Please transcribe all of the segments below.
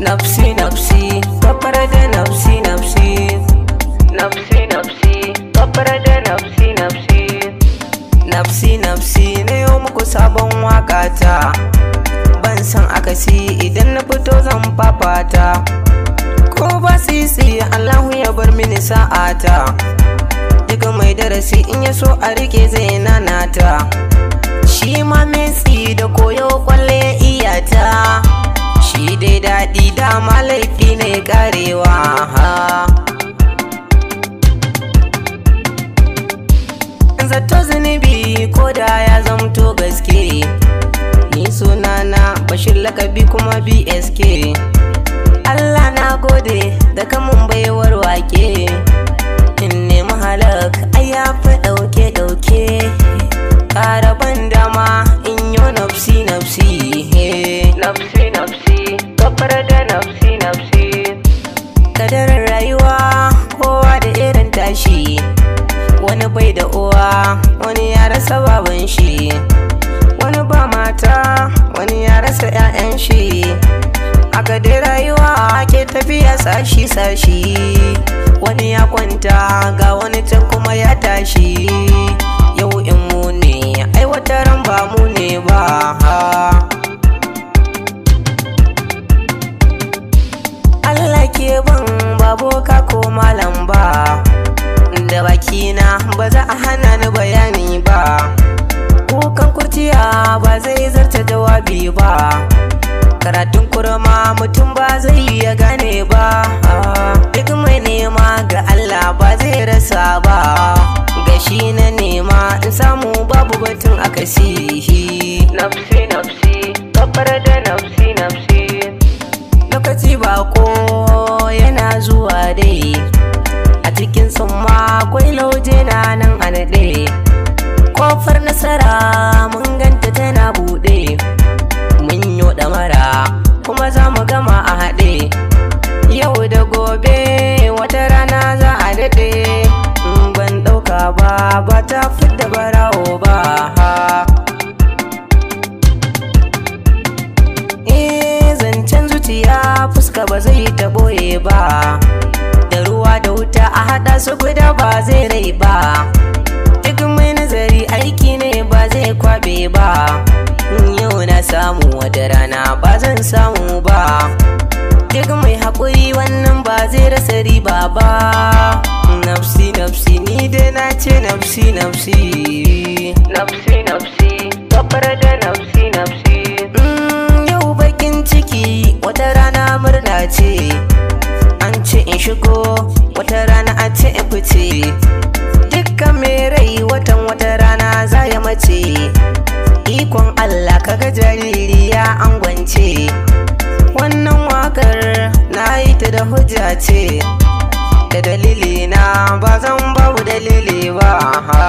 nafsi nafsi kafar da nafsi nafsi nafsi nafsi kafar da nafsi nafsi nafsi nafsi na yau muku sabon wakata ban san akasi idan na fito zan fafata ko ba sisi allahu ya bar mini sa'ata duka mai darasi in ya so a rike zai nanata shi ma mesi da koyo kwana shi dai daɗi dama laifi ne karewa ha zato zunubi ko da ya zamto gaske ni sunana bashir lakabi kuma bsk allah na gode da kamun baiwar wake in nemi halak a ya fi ɗauke-ɗauke ƙaraban dama in yi nafsi-nafsi nafsi ba wani ya rasa baban shi wani ba mata wani ya rasa 'ya'yan shi aka dai rayuwa ke tafiya sashi sashi wani ya kwanta ga wani ta kuma ya tashi yau in mu ne ai ran ba mu ne ba da bakina ba za a hana ni bayani ba kukan kurciya ba zai zarta jawabi ba karatun kurma mutum ba zai iya gane ba duk mai nema ga Allah ba zai rasa ba gashi na nema in samu babu batun akasihi nafsi nafsi kafar da nafsi nafsi lokaci ba ko akwai lauje na nan a naɗe ƙofar nasara mun ganta tana buɗe mun yi ɗamara kuma za mu gama a haɗe yau da gobe wata rana za a daɗe ban ɗauka ba ba ta fidda barawo ba ha eh, zancen zuciya fuska ba zai ta ɓoye ba da wuta a haɗa su guda ba zai rai ba duk mai nazari aiki ne ba zai kwabe ba mm, yau na samu wata rana ba zan samu ba duk mai haƙuri wannan ba zai rasa riba ba mm, nafsi nafsi ni dai na ce nafsi nafsi wata rana a ce fice dukkan mai rai watan wata rana za ya mace ikon Allah kaga jariri ya angwance wannan wakar na yi ta da hujja ce da dalili na ba zan babu dalili ba ha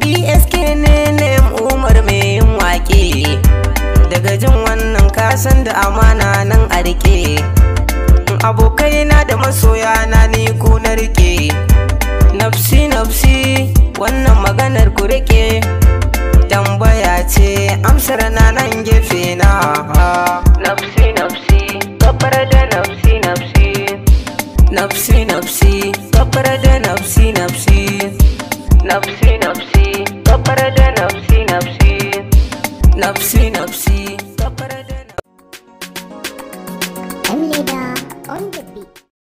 bsk ne ne umar mai yin wake daga jin wannan san da amana nan a rike abokai na da masoya na ni ko na rike nafsi nafsi wannan maganar ku rike tambaya ce amsar na nan gefe na nafsi nafsi gabar da nafsi nafsi nafsi nafsi gabar da nafsi nafsi nafsi nafsi gabar da nafsi nafsi nafsi nafsi 아닌데